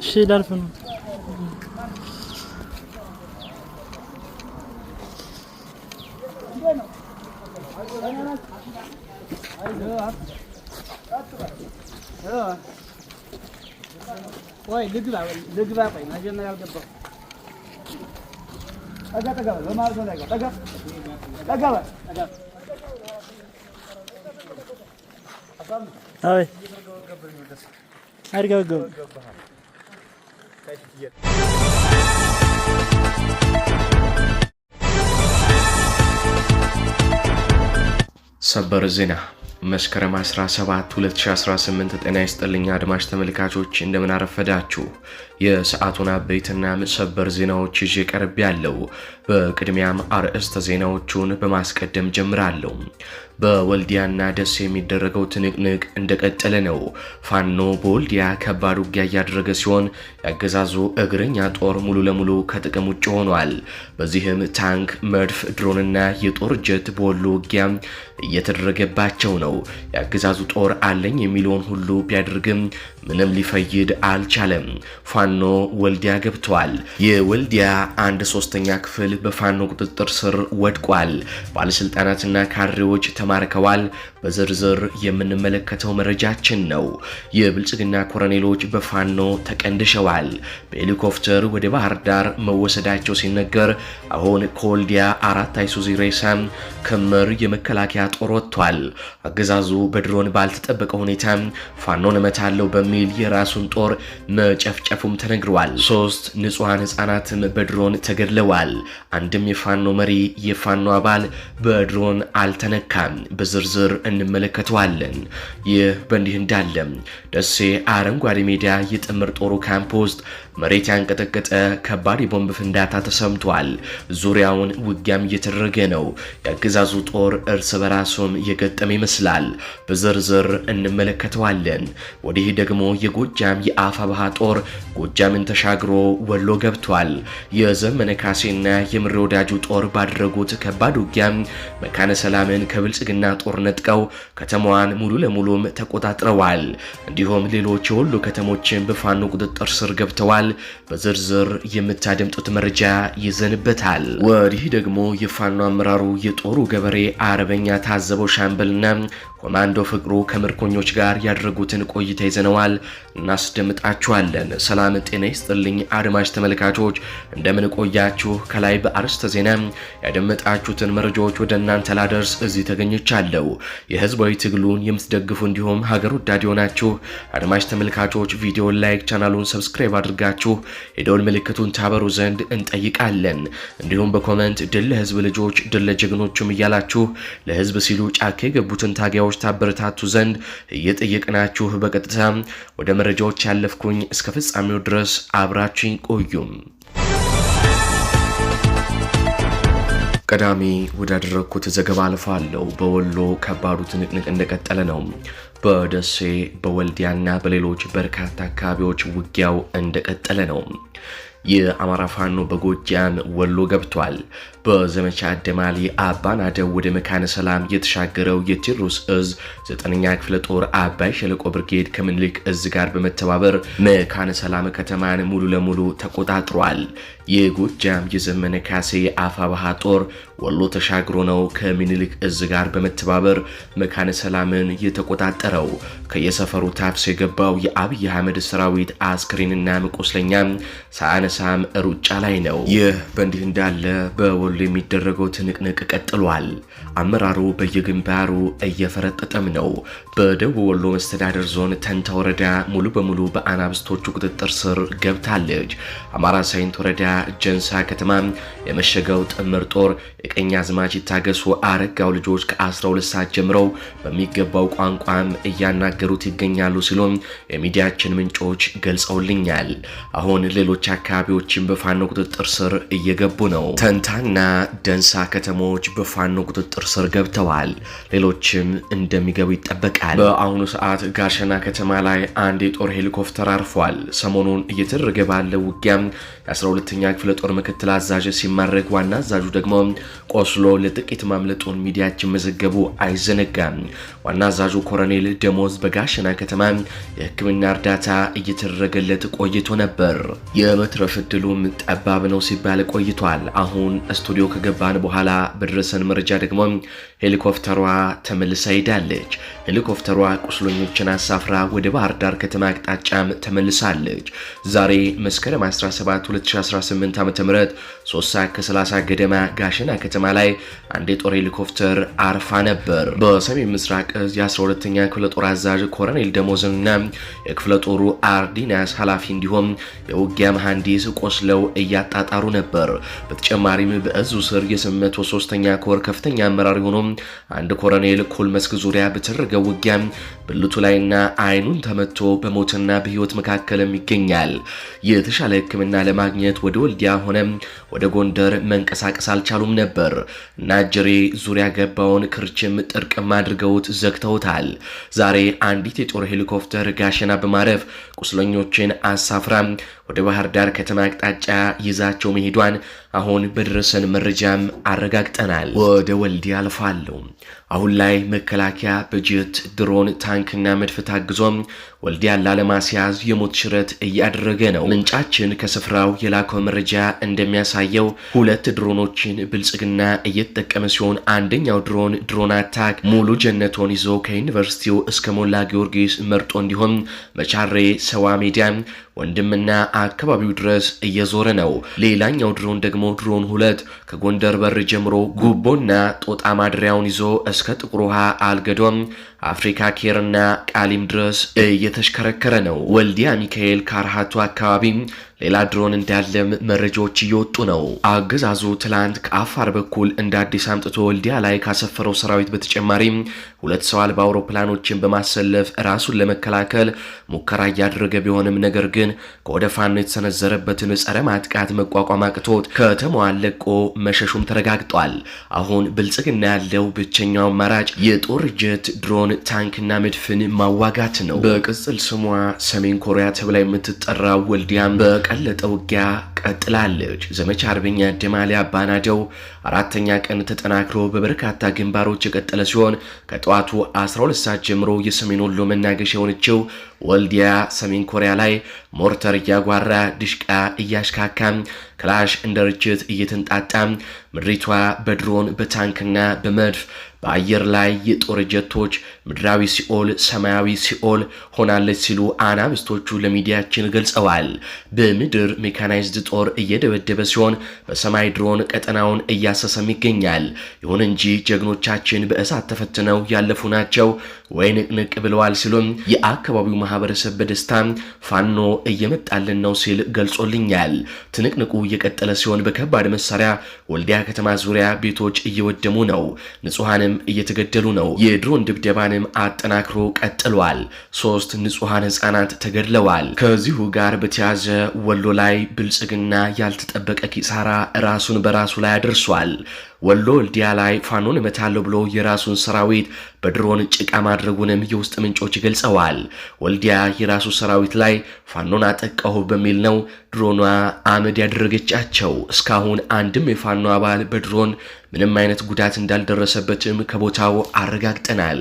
şeyler falan. Oy, lütfen, lütfen pay, ne zaman yaptın bu? Aga aga, Ömer söyle aga, aga, aga, aga. Abi. Her gel gel. Sabar Zina መስከረም 17 2018 ጤና ይስጥልኛ አድማጭ ተመልካቾች፣ እንደምን አረፈዳችሁ። የሰዓቱን አበይትና ሰበር ዜናዎች ይዤ ቀርብ ያለው። በቅድሚያም አርዕስተ ዜናዎቹን በማስቀደም ጀምራለሁ። በወልዲያና ደሴ የሚደረገው ትንቅንቅ እንደቀጠለ ነው። ፋኖ በወልዲያ ከባድ ውጊያ እያደረገ ሲሆን ያገዛዙ እግረኛ ጦር ሙሉ ለሙሉ ከጥቅም ውጭ ሆኗል። በዚህም ታንክ፣ መድፍ፣ ድሮንና የጦር ጀት በወሎ ውጊያ እየተደረገባቸው ነው። ያገዛዙ ጦር አለኝ የሚለውን ሁሉ ቢያደርግም ምንም ሊፈይድ አልቻለም። ፋኖ ወልዲያ ገብቷል። የወልዲያ አንድ ሶስተኛ ክፍል በፋኖ ቁጥጥር ስር ወድቋል። ባለስልጣናትና ካድሬዎች ተማርከዋል። በዝርዝር የምንመለከተው መረጃችን ነው። የብልጽግና ኮረኔሎች በፋኖ ተቀንድሸዋል። በሄሊኮፕተር ወደ ባህር ዳር መወሰዳቸው ሲነገር አሁን ከወልዲያ አራት አይሱዚ ሬሳ ክምር የመከላከያ ጦር ወጥቷል። አገዛዙ በድሮን ባልተጠበቀ ሁኔታ ፋኖን እመታለሁ በሚ በርሜል የራሱን ጦር መጨፍጨፉም ተነግሯል። ሶስት ንጹሐን ህጻናትም በድሮን ተገድለዋል። አንድም የፋኖ መሪ የፋኖ አባል በድሮን አልተነካም። በዝርዝር እንመለከተዋለን። ይህ በእንዲህ እንዳለም። ደሴ አረንጓዴ ሜዳ የጥምር ጦሩ ካምፕ ውስጥ መሬት ያንቀጠቀጠ ከባድ የቦምብ ፍንዳታ ተሰምቷል። ዙሪያውን ውጊያም እየተደረገ ነው። የአገዛዙ ጦር እርስ በራሱም የገጠመ ይመስላል። በዝርዝር እንመለከተዋለን። ወዲህ ደግሞ የጎጃም የአፋብሃ ጦር ጎጃምን ተሻግሮ ወሎ ገብቷል። የዘመነ ካሴና የምሬ ወዳጁ ጦር ባደረጉት ከባድ ውጊያም መካነ ሰላምን ከብልጽግና ጦር ነጥቀው ከተማዋን ሙሉ ለሙሉም ተቆጣጥረዋል። እንዲሁም ሌሎች የወሎ ከተሞችን በፋኖ ቁጥጥር ስር ገብተዋል። ተገልጿል። በዝርዝር የምታደምጡት መረጃ ይዘንበታል። ወዲህ ደግሞ የፋኖ አመራሩ የጦሩ ገበሬ አርበኛ ታዘበው ሻምበልና ኮማንዶ ፍቅሩ ከምርኮኞች ጋር ያደረጉትን ቆይታ ይዘነዋል፣ እናስደምጣችኋለን። ሰላም ጤና ይስጥልኝ አድማጭ ተመልካቾች፣ እንደምን ቆያችሁ? ከላይ በአርስተ ዜና ያደመጣችሁትን መረጃዎች ወደ እናንተ ላደርስ እዚህ ተገኝቻለሁ። የህዝባዊ ትግሉን የምትደግፉ እንዲሁም ሀገር ወዳድ የሆናችሁ አድማጭ ተመልካቾች ቪዲዮን ላይክ፣ ቻናሉን ሰብስክራይብ አድርጋችሁ የደወል ምልክቱን ታበሩ ዘንድ እንጠይቃለን። እንዲሁም በኮመንት ድል ለህዝብ ልጆች ድል ለጀግኖችም እያላችሁ ለህዝብ ሲሉ ጫካ የገቡትን ታጋዮች መረጃዎች ታበረታቱ ዘንድ እየጠየቅናችሁ በቀጥታ ወደ መረጃዎች ያለፍኩኝ፣ እስከ ፍጻሜው ድረስ አብራችኝ ቆዩም። ቀዳሚ ወዳደረግኩት ዘገባ አልፋለሁ። በወሎ ከባዱ ትንቅንቅ እንደቀጠለ ነው። በደሴ በወልዲያና በሌሎች በርካታ አካባቢዎች ውጊያው እንደቀጠለ ነው። የአማራ ፋኖ በጎጃም ወሎ ገብቷል። በዘመቻ አደማሊ አባናደው ወደ መካነ ሰላም የተሻገረው የቴዎድሮስ እዝ ዘጠነኛ ክፍለ ጦር አባይ ሸለቆ ብርጌድ ከምኒልክ እዝ ጋር በመተባበር መካነ ሰላም ከተማን ሙሉ ለሙሉ ተቆጣጥሯል። የጎጃም የዘመነ ካሴ አፋባሃ ጦር ወሎ ተሻግሮ ነው ከሚኒልክ እዝ ጋር በመተባበር መካነ ሰላምን የተቆጣጠረው። ከየሰፈሩ ታፍስ የገባው የአብይ አህመድ ሰራዊት አስክሬንና ቁስለኛ ሳያነሳም ሩጫ ላይ ነው። ይህ በእንዲህ እንዳለ በወሎ የሚደረገው ትንቅንቅ ቀጥሏል። አመራሩ በየግንባሩ እየፈረጠጠም ነው። በደቡብ ወሎ መስተዳደር ዞን ተንታ ወረዳ ሙሉ በሙሉ በአናብስቶቹ ቁጥጥር ስር ገብታለች። አማራ ሳይንት ወረዳ ጀንሳ ከተማ የመሸገው ጥምር ጦር የቀኝ አዝማች ይታገሱ አረጋው ልጆች ከ12 ሰዓት ጀምረው በሚገባው ቋንቋም እያናገሩት ይገኛሉ ሲሉም የሚዲያችን ምንጮች ገልጸውልኛል። አሁን ሌሎች አካባቢዎችን በፋኖ ቁጥጥር ስር እየገቡ ነው። ተንታና ደንሳ ከተሞች በፋኖ ቁጥጥር ስር ገብተዋል። ሌሎችም እንደሚገቡ ይጠበቃል። በአሁኑ ሰዓት ጋሸና ከተማ ላይ አንድ የጦር ሄሊኮፕተር አርፏል። ሰሞኑን እየተደረገ ባለ ውጊያም የ12ኛ የአምስተኛ ክፍለ ጦር ምክትል አዛዥ ሲማረክ ዋና አዛዡ ደግሞ ቆስሎ ለጥቂት ማምለጡን ሚዲያችን መዘገቡ አይዘነጋም። ዋና አዛዡ ኮሎኔል ደሞዝ በጋሸና ከተማ የሕክምና እርዳታ እየተደረገለት ቆይቶ ነበር። የመትረፍ እድሉም ጠባብ ነው ሲባል ቆይቷል። አሁን ስቱዲዮ ከገባን በኋላ በደረሰን መረጃ ደግሞ ሄሊኮፕተሯ ተመልሳ ሄዳለች። ሄሊኮፕተሯ ቁስለኞችን አሳፍራ ወደ ባህር ዳር ከተማ አቅጣጫም ተመልሳለች። ዛሬ መስከረም 17 2018 2018 ዓ.ም 3 ሰዓት ከ30 ገደማ ጋሸና ከተማ ላይ አንድ የጦር ሄሊኮፕተር አርፋ ነበር። በሰሜን ምስራቅ እዝ የ12ኛ ክፍለ ጦር አዛዥ ኮረኔል ደሞዝንና የክፍለ ጦሩ አርዲናስ ኃላፊ እንዲሁም የውጊያ መሐንዲስ ቆስለው እያጣጣሩ ነበር። በተጨማሪም በእዙ ስር የ803ኛ ኮር ከፍተኛ አመራር የሆኑ አንድ ኮረኔል ኩል መስክ ዙሪያ በተደረገ ውጊያ ብልቱ ላይና አይኑን ተመቶ በሞትና በህይወት መካከልም ይገኛል። የተሻለ ሕክምና ለማግኘት ወደ ወልዲያ ሆነ ወደ ጎንደር መንቀሳቀስ አልቻሉም ነበር። ናጀሬ ዙሪያ ገባውን ክርችም ጥርቅም አድርገውት ዘግተውታል። ዛሬ አንዲት የጦር ሄሊኮፕተር ጋሸና በማረፍ ቁስለኞችን አሳፍራ ወደ ባህር ዳር ከተማ አቅጣጫ ይዛቸው መሄዷን አሁን በደረሰን መረጃም አረጋግጠናል። ወደ ወልዲያ አልፋለሁ። አሁን ላይ መከላከያ በጀት ድሮን፣ ታንክና መድፍ ታግዞም ወልዲያን ላለማስያዝ የሞት ሽረት እያደረገ ነው። ምንጫችን ከስፍራው የላከው መረጃ እንደሚያሳየው ሁለት ድሮኖችን ብልጽግና እየተጠቀመ ሲሆን አንደኛው ድሮን ድሮን አታክ ሙሉ ጀነቶን ይዞ ከዩኒቨርሲቲው እስከ ሞላ ጊዮርጊስ መርጦ እንዲሆን መቻሬ ሰዋ ሜዳ ወንድምና አካባቢው ድረስ እየዞረ ነው። ሌላኛው ድሮን ደግሞ ድሮን ሁለት ከጎንደር በር ጀምሮ ጉቦና ጦጣ ማድሪያውን ይዞ እስከ ጥቁር ውሃ አልገዶም አፍሪካ ኬርና ቃሊም ድረስ እየተሽከረከረ ነው። ወልዲያ ሚካኤል ካርሃቱ አካባቢም ሌላ ድሮን እንዳለም መረጃዎች እየወጡ ነው። አገዛዙ ትላንት ከአፋር በኩል እንደ አዲስ አምጥቶ ወልዲያ ላይ ካሰፈረው ሰራዊት በተጨማሪም ሁለት ሰው አልባ አውሮፕላኖችን በማሰለፍ ራሱን ለመከላከል ሙከራ እያደረገ ቢሆንም ነገር ግን ከወደ ፋኖ የተሰነዘረበትን ጸረ ማጥቃት መቋቋም አቅቶት ከተማዋን ለቆ መሸሹም ተረጋግጧል። አሁን ብልጽግና ያለው ብቸኛው አማራጭ የጦር ጀት ድሮን የምትሰራውን ታንክና መድፍን ማዋጋት ነው። በቅጽል ስሟ ሰሜን ኮሪያ ተብላ የምትጠራው ወልዲያም በቀለጠ ውጊያ ቀጥላለች። ዘመቻ አርበኛ ደማሊ አባናደው አራተኛ ቀን ተጠናክሮ በበርካታ ግንባሮች የቀጠለ ሲሆን ከጠዋቱ 12 ሰዓት ጀምሮ የሰሜን ወሎ መናገሻ የሆነችው ወልዲያ ሰሜን ኮሪያ ላይ ሞርተር እያጓራ ድሽቃ እያሽካካ ክላሽ እንደ ርችት እየተንጣጣም። ምድሪቷ በድሮን በታንክና በመድፍ በአየር ላይ የጦር ጀቶች ምድራዊ ሲኦል ሰማያዊ ሲኦል ሆናለች ሲሉ አናብስቶቹ ለሚዲያችን ገልጸዋል። በምድር ሜካናይዝድ ጦር እየደበደበ ሲሆን፣ በሰማይ ድሮን ቀጠናውን እያሰሰም ይገኛል። ይሁን እንጂ ጀግኖቻችን በእሳት ተፈትነው ያለፉ ናቸው። ንቅንቅ ብለዋል ሲሉም የአካባቢው ማህበረሰብ በደስታ ፋኖ እየመጣልን ነው ሲል ገልጾልኛል። ትንቅንቁ እየቀጠለ ሲሆን በከባድ መሳሪያ ወልዲያ ከተማ ዙሪያ ቤቶች እየወደሙ ነው፣ ንጹሐንም እየተገደሉ ነው። የድሮን ድብደባንም አጠናክሮ ቀጥሏል። ሶስት ንጹሐን ህጻናት ተገድለዋል። ከዚሁ ጋር በተያዘ ወሎ ላይ ብልጽግና ያልተጠበቀ ኪሳራ ራሱን በራሱ ላይ አድርሷል። ወሎ ወልዲያ ላይ ፋኖን እመታለሁ ብሎ የራሱን ሰራዊት በድሮን ጭቃ ማድረጉንም የውስጥ ምንጮች ገልጸዋል። ወልዲያ የራሱ ሰራዊት ላይ ፋኖን አጠቃሁ በሚል ነው ድሮኗ አመድ ያደረገቻቸው። እስካሁን አንድም የፋኖ አባል በድሮን ምንም አይነት ጉዳት እንዳልደረሰበትም ከቦታው አረጋግጠናል።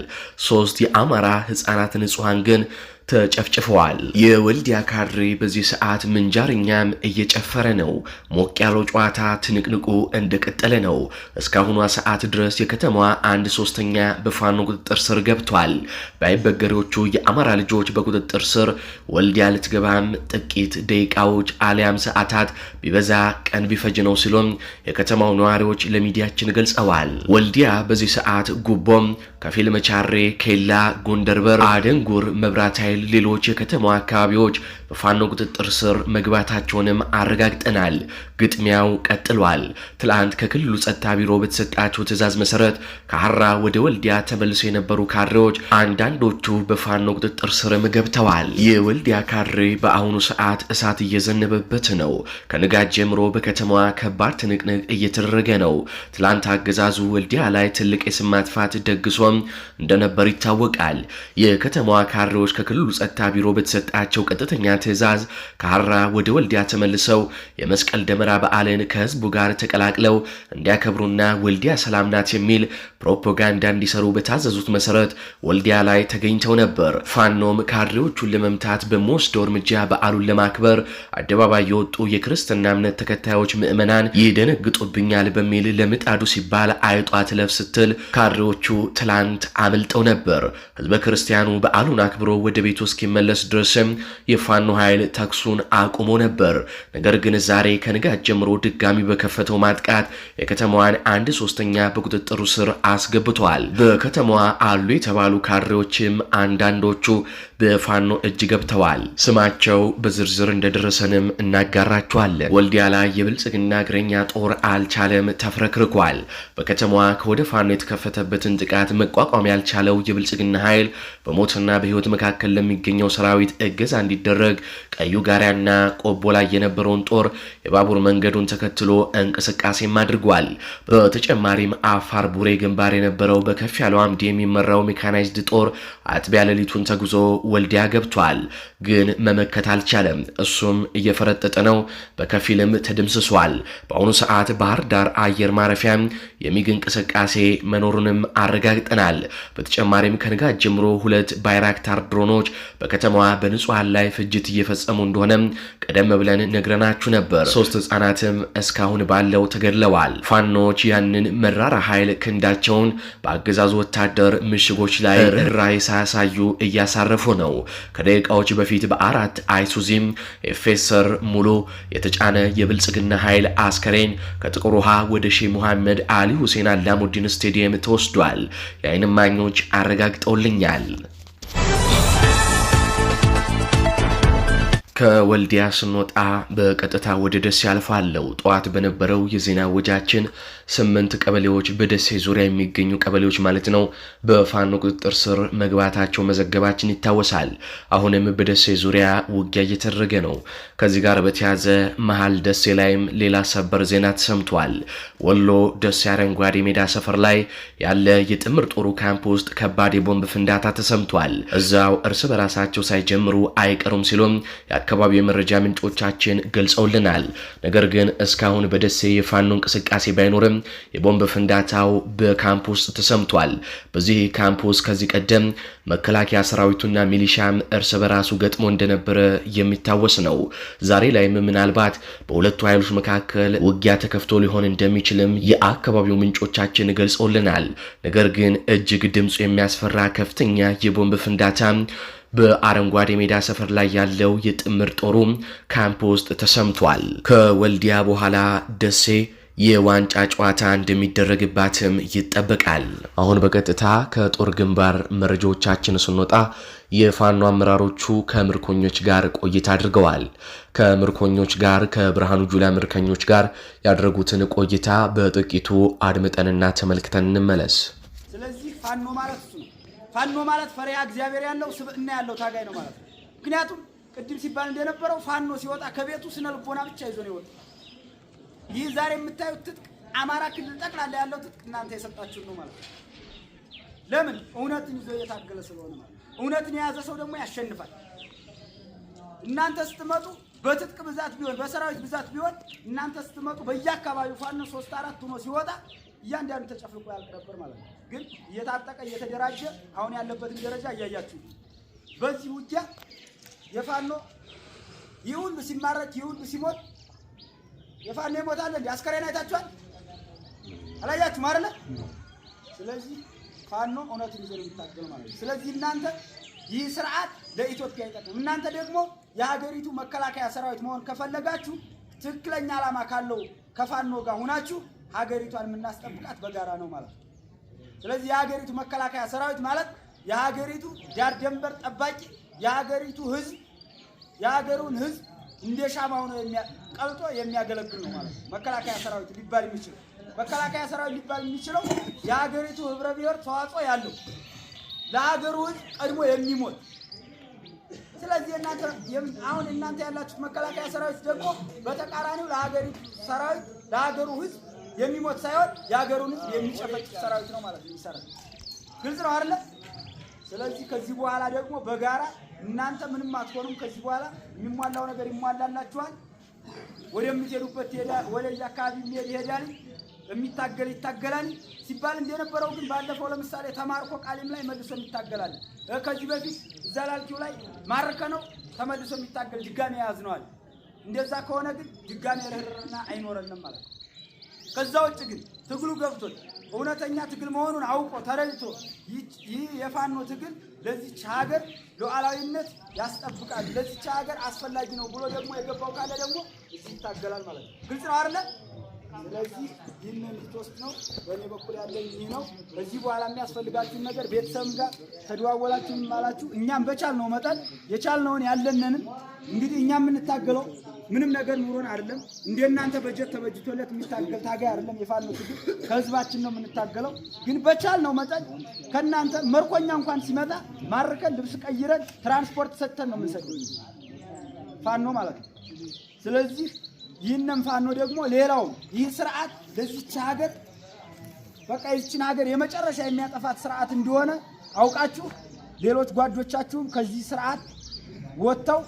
ሶስት የአማራ ህፃናት ንጹሐን ግን ተጨፍጭፈዋል። የወልዲያ ካድሬ በዚህ ሰዓት ምንጃርኛም እየጨፈረ ነው። ሞቅ ያለው ጨዋታ ትንቅንቁ እንደቀጠለ ነው። እስካሁኗ ሰዓት ድረስ የከተማዋ አንድ ሶስተኛ በፋኖ ቁጥጥር ስር ገብቷል። በአይበገሬዎቹ የአማራ ልጆች በቁጥጥር ስር ወልዲያ ልትገባም ጥቂት ደቂቃዎች አሊያም ሰዓታት ቢበዛ ቀን ቢፈጅ ነው ሲሎም የከተማው ነዋሪዎች ለሚዲያችን ገልጸዋል። ወልዲያ በዚህ ሰዓት ጉቦም ከፊል መቻሬ፣ ኬላ፣ ጎንደርበር፣ አደንጉር፣ መብራት ኃይል፣ ሌሎች የከተማዋ አካባቢዎች በፋኖ ቁጥጥር ስር መግባታቸውንም አረጋግጠናል። ግጥሚያው ቀጥሏል። ትላንት ከክልሉ ጸጥታ ቢሮ በተሰጣቸው ትዕዛዝ መሰረት ከሐራ ወደ ወልዲያ ተመልሶ የነበሩ ካድሬዎች አንዳንዶቹ በፋኖ ቁጥጥር ስርም ገብተዋል። የወልዲያ ካድሬ በአሁኑ ሰዓት እሳት እየዘነበበት ነው። ከንጋት ጀምሮ በከተማዋ ከባድ ትንቅንቅ እየተደረገ ነው። ትላንት አገዛዙ ወልዲያ ላይ ትልቅ የስም ማጥፋት ደግሷል። እንደነበር ይታወቃል። የከተማዋ ካሬዎች ከክልሉ ጸጥታ ቢሮ በተሰጣቸው ቀጥተኛ ትዕዛዝ ካራ ወደ ወልዲያ ተመልሰው የመስቀል ደመራ በዓልን ከህዝቡ ጋር ተቀላቅለው እንዲያከብሩና ወልዲያ ሰላም ናት የሚል ፕሮፓጋንዳ እንዲሰሩ በታዘዙት መሰረት ወልዲያ ላይ ተገኝተው ነበር። ፋኖም ካድሬዎቹን ለመምታት በሚወስደው እርምጃ በዓሉን ለማክበር አደባባይ የወጡ የክርስትና እምነት ተከታዮች ምዕመናን ይደነግጡብኛል በሚል ለምጣዱ ሲባል አይጧ ትለፍ ስትል ካድሬዎቹ ትላ ትላንት አምልጠው ነበር። ህዝበ ክርስቲያኑ በዓሉን አክብሮ ወደ ቤቱ እስኪመለስ ድረስም የፋኖ ኃይል ተኩሱን አቁሞ ነበር። ነገር ግን ዛሬ ከንጋት ጀምሮ ድጋሚ በከፈተው ማጥቃት የከተማዋን አንድ ሶስተኛ በቁጥጥሩ ስር አስገብቷል። በከተማዋ አሉ የተባሉ ካድሬዎችም አንዳንዶቹ በፋኖ እጅ ገብተዋል። ስማቸው በዝርዝር እንደደረሰንም እናጋራችኋለን። ወልዲያ ላይ የብልጽግና እግረኛ ጦር አልቻለም፣ ተፍረክርኳል። በከተማዋ ከወደ ፋኖ የተከፈተበትን ጥቃት መቋቋም ያልቻለው የብልጽግና ኃይል በሞትና በህይወት መካከል ለሚገኘው ሰራዊት እገዛ እንዲደረግ ቀዩ ጋሪያና ቆቦ ላይ የነበረውን ጦር የባቡር መንገዱን ተከትሎ እንቅስቃሴም አድርጓል። በተጨማሪም አፋር ቡሬ ግንባር የነበረው በከፍ ያለው አምድ የሚመራው ሜካናይዝድ ጦር አጥቢያ ሌሊቱን ተጉዞ ወልዲያ ገብቷል። ግን መመከት አልቻለም። እሱም እየፈረጠጠ ነው፣ በከፊልም ተደምስሷል። በአሁኑ ሰዓት ባህር ዳር አየር ማረፊያ የሚግ እንቅስቃሴ መኖሩንም አረጋግጠናል። በተጨማሪም ከንጋት ጀምሮ ሁለት ባይራክታር ድሮኖች በከተማዋ በንጹሐን ላይ ፍጅት እየፈጸሙ እንደሆነ ቀደም ብለን ነግረናችሁ ነበር። ሶስት ህጻናትም እስካሁን ባለው ተገድለዋል። ፋኖች ያንን መራራ ኃይል ክንዳቸውን በአገዛዙ ወታደር ምሽጎች ላይ ርኅራኄ ሳያሳዩ እያሳረፉ ነው። ነው። ከደቂቃዎች በፊት በአራት አይሱዚም ኤፌሰር ሙሉ የተጫነ የብልጽግና ኃይል አስከሬን ከጥቁር ውሃ ወደ ሼህ ሙሐመድ አሊ ሁሴን አላሙዲን ስቴዲየም ተወስዷል። የአይን እማኞች አረጋግጠውልኛል። ከወልዲያ ስንወጣ በቀጥታ ወደ ደሴ ያልፋለው። ጠዋት በነበረው የዜና ወጃችን ስምንት ቀበሌዎች በደሴ ዙሪያ የሚገኙ ቀበሌዎች ማለት ነው በፋኖ ቁጥጥር ስር መግባታቸው መዘገባችን ይታወሳል። አሁንም በደሴ ዙሪያ ውጊያ እየተደረገ ነው። ከዚህ ጋር በተያዘ መሀል ደሴ ላይም ሌላ ሰበር ዜና ተሰምቷል። ወሎ ደሴ አረንጓዴ ሜዳ ሰፈር ላይ ያለ የጥምር ጦሩ ካምፕ ውስጥ ከባድ የቦምብ ፍንዳታ ተሰምቷል። እዛው እርስ በራሳቸው ሳይጀምሩ አይቀሩም ሲሉም የአካባቢው የመረጃ ምንጮቻችን ገልጸውልናል። ነገር ግን እስካሁን በደሴ የፋኖ እንቅስቃሴ ባይኖርም የቦምብ ፍንዳታው በካምፕ ውስጥ ተሰምቷል። በዚህ ካምፕ ውስጥ ከዚህ ቀደም መከላከያ ሰራዊቱና ሚሊሻም እርስ በራሱ ገጥሞ እንደነበረ የሚታወስ ነው። ዛሬ ላይም ምናልባት በሁለቱ ኃይሎች መካከል ውጊያ ተከፍቶ ሊሆን እንደሚችልም የአካባቢው ምንጮቻችን ገልጸውልናል። ነገር ግን እጅግ ድምፁ የሚያስፈራ ከፍተኛ የቦምብ ፍንዳታ በአረንጓዴ ሜዳ ሰፈር ላይ ያለው የጥምር ጦሩ ካምፕ ውስጥ ተሰምቷል። ከወልዲያ በኋላ ደሴ የዋንጫ ጨዋታ እንደሚደረግባትም ይጠበቃል። አሁን በቀጥታ ከጦር ግንባር መረጃዎቻችን ስንወጣ የፋኖ አመራሮቹ ከምርኮኞች ጋር ቆይታ አድርገዋል። ከምርኮኞች ጋር ከብርሃኑ ጁላ ምርኮኞች ጋር ያደረጉትን ቆይታ በጥቂቱ አድምጠንና ተመልክተን እንመለስ። ስለዚህ ፋኖ ማለት ፋኖ ማለት ፈሪያ እግዚአብሔር ያለው ስብዕና ያለው ታጋይ ነው ማለት ነው። ምክንያቱም ቅድም ሲባል እንደነበረው ፋኖ ሲወጣ ከቤቱ ስነ ልቦና ብቻ ይዞ ነው ይወጣ። ይህ ዛሬ የምታዩት ትጥቅ አማራ ክልል ጠቅላላ ያለው ትጥቅ እናንተ የሰጣችሁት ነው ማለት ነው። ለምን? እውነትን ይዞ እየታገለ ስለሆነ ማለት ነው። እውነትን የያዘ ሰው ደግሞ ያሸንፋል። እናንተ ስትመጡ በትጥቅ ብዛት ቢሆን በሰራዊት ብዛት ቢሆን እናንተ ስትመጡ በየአካባቢው ፋኖ ሶስት አራት ሆኖ ሲወጣ እያንዳንዱ ተጨፍልቆ ያልቅ ነበር ማለት ነው። ግን እየታጠቀ እየተደራጀ አሁን ያለበትን ደረጃ እያያችሁ በዚህ ውጊያ የፋኖ ይህ ሁሉ ሲማረክ ይህ ሁሉ ሲሞት የፋኖ ይሞታል እንዴ? አስከሬን አይታችኋል? አላያችሁም አይደለ? ስለዚህ ፋኖ እውነትን ይዞ የሚታገል ማለት ነው። ስለዚህ እናንተ ይህ ስርዓት ለኢትዮጵያ አይጠቅም። እናንተ ደግሞ የሀገሪቱ መከላከያ ሰራዊት መሆን ከፈለጋችሁ ትክክለኛ ዓላማ ካለው ከፋኖ ጋር ሁናችሁ ሀገሪቷን የምናስጠብቃት በጋራ ነው ማለት ነው። ስለዚህ የሀገሪቱ መከላከያ ሰራዊት ማለት የሀገሪቱ ዳር ደንበር ጠባቂ የሀገሪቱ ህዝብ የሀገሩን ህዝብ እንደ ሻማ ሆኖ ቀልጦ የሚያገለግል ነው ማለት ነው። መከላከያ ሰራዊት ሊባል የሚችለው መከላከያ ሰራዊት ሊባል የሚችለው የሀገሪቱ ህብረ ብሔር ተዋጽኦ ያለው ለሀገሩ ህዝብ ቀድሞ የሚሞት ስለዚህ እናንተ አሁን እናንተ ያላችሁት መከላከያ ሰራዊት ደግሞ በተቃራኒው ለሀገሪቱ ሰራዊት ለሀገሩ ህዝብ የሚሞት ሳይሆን የሀገሩን ህዝብ የሚጨፈጭፍ ሰራዊት ነው ማለት ነው የሚሰራ። ግልጽ ነው አይደለ? ስለዚህ ከዚህ በኋላ ደግሞ በጋራ እናንተ ምንም አትሆኑም። ከዚህ በኋላ የሚሟላው ነገር ይሟላላችኋል። ወደምትሄዱበት ወደዚህ አካባቢ የሚሄድ ይሄዳል፣ የሚታገል ይታገላል ሲባል እንደነበረው ግን ባለፈው ለምሳሌ ተማርኮ ቃሊም ላይ መልሶ የሚታገላል። ከዚህ በፊት እዛ ላልኪው ላይ ማርከ ነው ተመልሶ የሚታገል ድጋሜ ያዝነዋል። እንደዛ ከሆነ ግን ድጋሜ ርህርህና አይኖረንም ማለት ነው። ከዛ ውጭ ግን ትግሉ ገብቶት እውነተኛ ትግል መሆኑን አውቆ ተረድቶ ይህ የፋኖ ትግል ለዚች ሀገር ሉዓላዊነት ያስጠብቃል፣ ለዚች ሀገር አስፈላጊ ነው ብሎ ደግሞ የገባው ካለ ደግሞ እዚህ ይታገላል ማለት ነው። ግልጽ ነው አይደለ? ስለዚህ ይህንን ልትወስድ ነው። በእኔ በኩል ያለኝ ይህ ነው። ከዚህ በኋላ የሚያስፈልጋችሁን ነገር ቤተሰብ ጋር ተደዋወላችሁ አላችሁ። እኛም በቻልነው መጠን የቻልነውን ያለንንም እንግዲህ እኛ የምንታገለው ምንም ነገር ኑሮን አይደለም። እንደ እናንተ በጀት ተበጅቶለት የሚታገል ታጋይ አይደለም። የፋኖ ትግል ከህዝባችን ነው የምንታገለው። ግን በቻልነው መጠን ከእናንተ መርኮኛ እንኳን ሲመጣ ማርከን፣ ልብስ ቀይረን፣ ትራንስፖርት ሰጥተን ነው የምንሰደው ፋኖ ማለት ነው። ስለዚህ ይህንም ፋኖ ደግሞ ሌላውም ይህ ስርዓት ለዚች ሀገር በቃ ይችን ሀገር የመጨረሻ የሚያጠፋት ስርዓት እንደሆነ አውቃችሁ ሌሎች ጓዶቻችሁም ከዚህ ስርዓት ወጥተው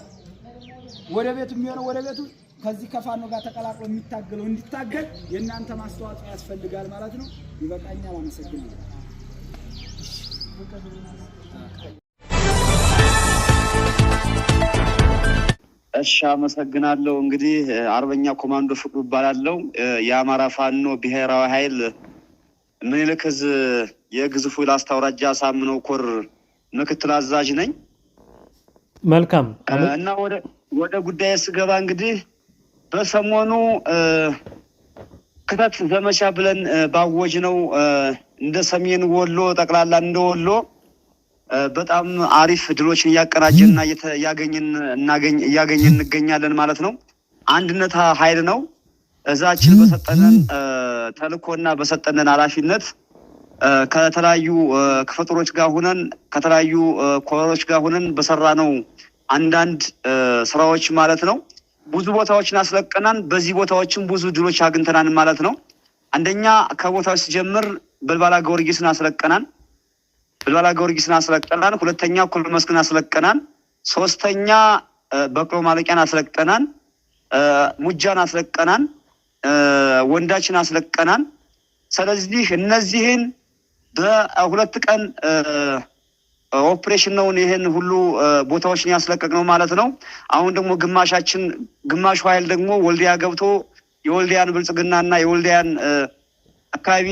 ወደ ቤቱ የሚሆነው ወደ ቤቱ ከዚህ ከፋኖ ጋር ተቀላቅሎ የሚታገለው እንዲታገል የእናንተ ማስተዋጽኦ ያስፈልጋል ማለት ነው። ይበቃኛል። አመሰግናለሁ። እሺ አመሰግናለሁ። እንግዲህ አርበኛ ኮማንዶ ፍቅሩ እባላለሁ። የአማራ ፋኖ ብሔራዊ ኃይል ምኒልክ ዕዝ የግዙፉ ላስታ አውራጃ አሳምነው ኮር ምክትል አዛዥ ነኝ። መልካም እና ወደ ጉዳይ ስገባ እንግዲህ በሰሞኑ ክተት ዘመቻ ብለን ባወጅ ነው እንደ ሰሜን ወሎ ጠቅላላ እንደ ወሎ በጣም አሪፍ ድሎችን እያቀናጀንና እያገኘን እንገኛለን ማለት ነው። አንድነት ኃይል ነው። እዛችን በሰጠንን ተልእኮና በሰጠንን ኃላፊነት ከተለያዩ ክፍጥሮች ጋር ሁነን ከተለያዩ ኮሮች ጋር ሁነን በሰራ ነው አንዳንድ ስራዎች ማለት ነው ብዙ ቦታዎችን አስለቀናን። በዚህ ቦታዎችን ብዙ ድሎች አግኝተናን ማለት ነው። አንደኛ ከቦታዎች ሲጀምር በልባላ ጊዮርጊስን አስለቀናን። ብልበላ ጊዮርጊስን አስለቀናል። ሁለተኛ ኩል መስክን አስለቀናል። ሶስተኛ በቅሎ ማለቂያን አስለቀናል። ሙጃን አስለቀናል። ወንዳችን አስለቀናል። ስለዚህ እነዚህን በሁለት ቀን ኦፕሬሽን ነውን ይህን ሁሉ ቦታዎችን ያስለቀቅ ነው ማለት ነው። አሁን ደግሞ ግማሻችን ግማሹ ኃይል ደግሞ ወልዲያ ገብቶ የወልዲያን ብልጽግናና የወልዲያን አካባቢ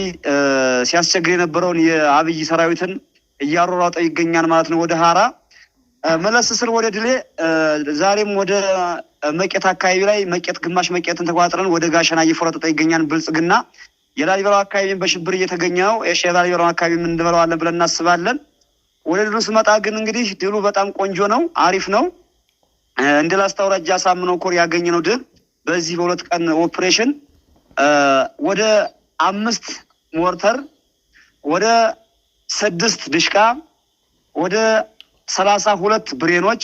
ሲያስቸግር የነበረውን የአብይ ሰራዊትን እያሯሯጠ ይገኛል ማለት ነው ወደ ሀራ መለስ ስል ወደ ድሌ ዛሬም ወደ መቄት አካባቢ ላይ መቄት ግማሽ መቄትን ተቋጥረን ወደ ጋሸና እየፎረጠጠ ይገኛል ብልጽግና። የላሊበራ አካባቢን በሽብር እየተገኘ ነው። የላሊበላ አካባቢ እንበለዋለን ብለን እናስባለን። ወደ ድሉ ስመጣ ግን እንግዲህ ድሉ በጣም ቆንጆ ነው፣ አሪፍ ነው። እንደ ላስታ አውራጃ ኮር ያገኘ ነው ድል። በዚህ በሁለት ቀን ኦፕሬሽን ወደ አምስት ሞርተር ወደ ስድስት ድሽቃ ወደ ሰላሳ ሁለት ብሬኖች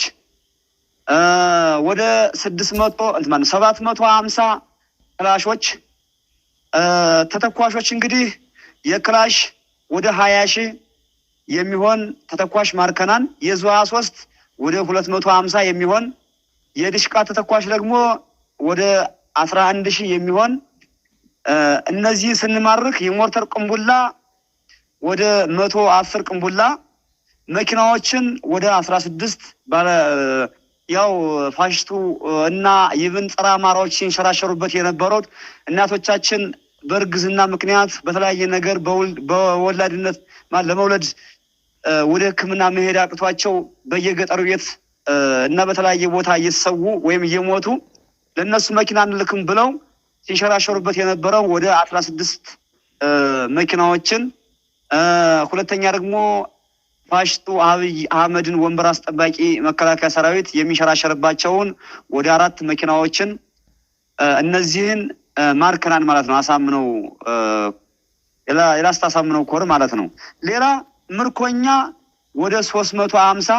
ወደ ስድስት መቶ ሰባት መቶ ሀምሳ ክላሾች ተተኳሾች እንግዲህ የክላሽ ወደ ሀያ ሺ የሚሆን ተተኳሽ ማርከናን የዙ ሶስት ወደ ሁለት መቶ ሀምሳ የሚሆን የድሽቃ ተተኳሽ ደግሞ ወደ አስራ አንድ ሺህ የሚሆን እነዚህ ስንማርክ የሞርተር ቅንቡላ ወደ መቶ አስር ቅንቡላ መኪናዎችን ወደ አስራ ስድስት ባለ ያው ፋሽስቱ እና ይብን ጸረ አማራዎች ሲንሸራሸሩበት የነበሩት እናቶቻችን በእርግዝና ምክንያት በተለያየ ነገር በወላድነት ለመውለድ ወደ ሕክምና መሄድ አቅቷቸው በየገጠሩ ቤት እና በተለያየ ቦታ እየተሰዉ ወይም እየሞቱ ለእነሱ መኪና አንልክም ብለው ሲንሸራሸሩበት የነበረው ወደ አስራ ስድስት መኪናዎችን ሁለተኛ ደግሞ ፋሽቱ አብይ አህመድን ወንበር አስጠባቂ መከላከያ ሰራዊት የሚሸራሸርባቸውን ወደ አራት መኪናዎችን እነዚህን ማርከናን ማለት ነው። አሳምነው የላስታ አሳምነው ኮር ማለት ነው። ሌላ ምርኮኛ ወደ ሶስት መቶ ሀምሳ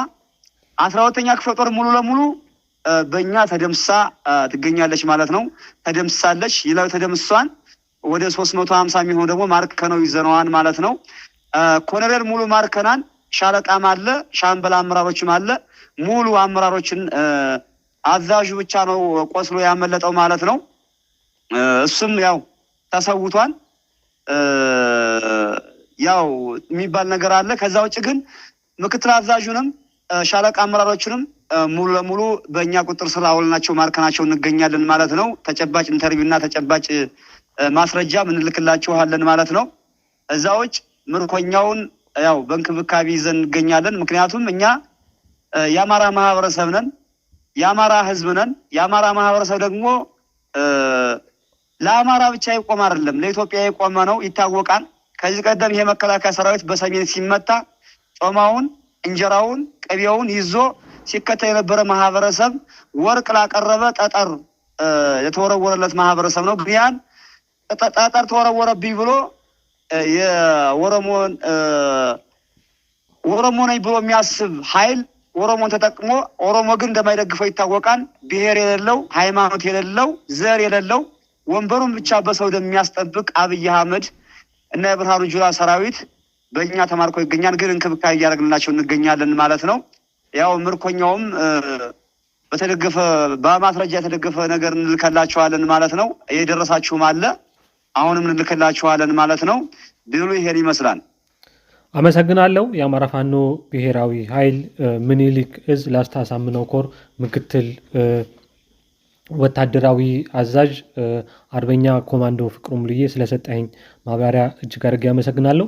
አስራ ሁለተኛ ክፍለ ጦር ሙሉ ለሙሉ በእኛ ተደምሳ ትገኛለች ማለት ነው። ተደምሳለች ይላው ተደምሷን ወደ ሶስት መቶ ሀምሳ የሚሆኑ ደግሞ ማርከነው ይዘነዋን ማለት ነው። ኮሎኔል ሙሉ ማርከናን ሻለቃም አለ፣ ሻምበል አመራሮችም አለ። ሙሉ አመራሮችን አዛዡ ብቻ ነው ቆስሎ ያመለጠው ማለት ነው። እሱም ያው ተሰውቷል። ያው የሚባል ነገር አለ። ከዛ ውጭ ግን ምክትል አዛዡንም ሻለቃ አመራሮችንም ሙሉ ለሙሉ በእኛ ቁጥር ስር አውለናቸው ማርከናቸው እንገኛለን ማለት ነው። ተጨባጭ ኢንተርቪው እና ተጨባጭ ማስረጃ እንልክላችኋለን ማለት ነው። እዛ ውጭ ምርኮኛውን ያው በእንክብካቤ ይዘን እንገኛለን። ምክንያቱም እኛ የአማራ ማህበረሰብ ነን፣ የአማራ ህዝብ ነን። የአማራ ማህበረሰብ ደግሞ ለአማራ ብቻ ይቆም አይደለም፣ ለኢትዮጵያ የቆመ ነው፣ ይታወቃል። ከዚህ ቀደም ይሄ መከላከያ ሰራዊት በሰሜን ሲመታ ጮማውን፣ እንጀራውን፣ ቅቤውን ይዞ ሲከተል የነበረ ማህበረሰብ ወርቅ ላቀረበ ጠጠር የተወረወረለት ማህበረሰብ ነው ግን ጠጠር ተወረወረብኝ ብሎ የኦሮሞን ኦሮሞ ነኝ ብሎ የሚያስብ ኃይል ኦሮሞን ተጠቅሞ ኦሮሞ ግን እንደማይደግፈው ይታወቃል። ብሔር የሌለው ሃይማኖት የሌለው ዘር የሌለው ወንበሩን ብቻ በሰው እንደሚያስጠብቅ አብይ አህመድ እና የብርሃኑ ጁላ ሰራዊት በእኛ ተማርኮ ይገኛል። ግን እንክብካቤ እያደረግንላቸው እንገኛለን ማለት ነው። ያው ምርኮኛውም በተደገፈ በማስረጃ የተደገፈ ነገር እንልከላቸዋለን ማለት ነው። የደረሳችሁም አለ አሁንም እንልክላችኋለን ማለት ነው። ድሉ ይሄን ይመስላል። አመሰግናለሁ። የአማራ ፋኖ ብሔራዊ ኃይል ምኒልክ እዝ ላስታ ሳምነው ኮር ምክትል ወታደራዊ አዛዥ አርበኛ ኮማንዶ ፍቅሩ ሙሉዬ ስለሰጠኝ ማብራሪያ እጅግ አድርጌ አመሰግናለሁ።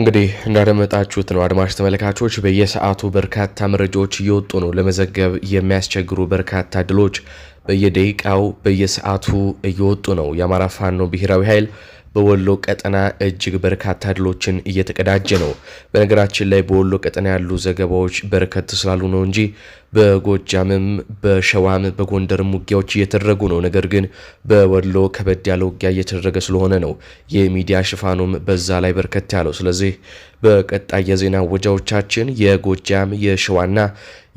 እንግዲህ እንዳደመጣችሁት ነው አድማጭ ተመልካቾች፣ በየሰዓቱ በርካታ መረጃዎች እየወጡ ነው። ለመዘገብ የሚያስቸግሩ በርካታ ድሎች በየደቂቃው በየሰዓቱ እየወጡ ነው። የአማራ ፋኖ ብሔራዊ ኃይል በወሎ ቀጠና እጅግ በርካታ ድሎችን እየተቀዳጀ ነው። በነገራችን ላይ በወሎ ቀጠና ያሉ ዘገባዎች በርከት ስላሉ ነው እንጂ በጎጃምም በሸዋም በጎንደርም ውጊያዎች እየተደረጉ ነው። ነገር ግን በወሎ ከበድ ያለ ውጊያ እየተደረገ ስለሆነ ነው የሚዲያ ሽፋኑም በዛ ላይ በርከት ያለው። ስለዚህ በቀጣይ የዜና ወጃዎቻችን የጎጃም የሸዋና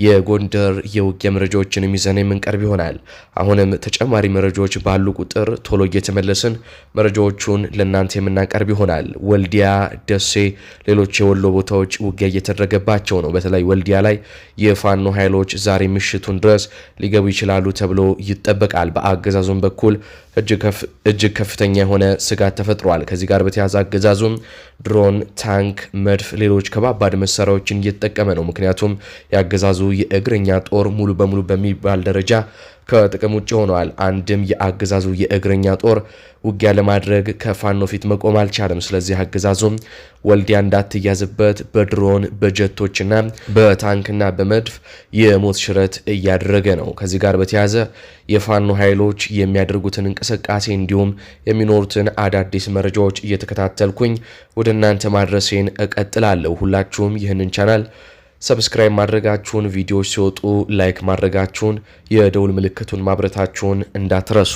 የጎንደር የውጊያ መረጃዎችን ይዘን የምንቀርብ ይሆናል። አሁንም ተጨማሪ መረጃዎች ባሉ ቁጥር ቶሎ እየተመለስን መረጃዎቹን ለእናንተ የምናቀርብ ይሆናል። ወልዲያ፣ ደሴ፣ ሌሎች የወሎ ቦታዎች ውጊያ እየተደረገባቸው ነው። በተለይ ወልዲያ ላይ የፋኖ ኃይሎች ዛሬ ምሽቱን ድረስ ሊገቡ ይችላሉ ተብሎ ይጠበቃል። በአገዛዙም በኩል እጅግ ከፍተኛ የሆነ ስጋት ተፈጥሯል። ከዚህ ጋር በተያያዘ አገዛዙም ድሮን፣ ታንክ፣ መድፍ፣ ሌሎች ከባባድ መሳሪያዎችን እየተጠቀመ ነው። ምክንያቱም የአገዛዙ የእግረኛ ጦር ሙሉ በሙሉ በሚባል ደረጃ ከጥቅም ውጭ ሆኗል። አንድም የአገዛዙ የእግረኛ ጦር ውጊያ ለማድረግ ከፋኖ ፊት መቆም አልቻለም። ስለዚህ አገዛዙም ወልዲያ እንዳትያዝበት በድሮን በጀቶችና በታንክና በመድፍ የሞት ሽረት እያደረገ ነው። ከዚህ ጋር በተያያዘ የፋኖ ኃይሎች የሚያደርጉትን እንቅስቃሴ እንቅስቃሴ እንዲሁም የሚኖሩትን አዳዲስ መረጃዎች እየተከታተልኩኝ ወደ እናንተ ማድረሴን እቀጥላለሁ። ሁላችሁም ይህንን ቻናል ሰብስክራይብ ማድረጋችሁን፣ ቪዲዮዎች ሲወጡ ላይክ ማድረጋችሁን፣ የደውል ምልክቱን ማብረታችሁን እንዳትረሱ።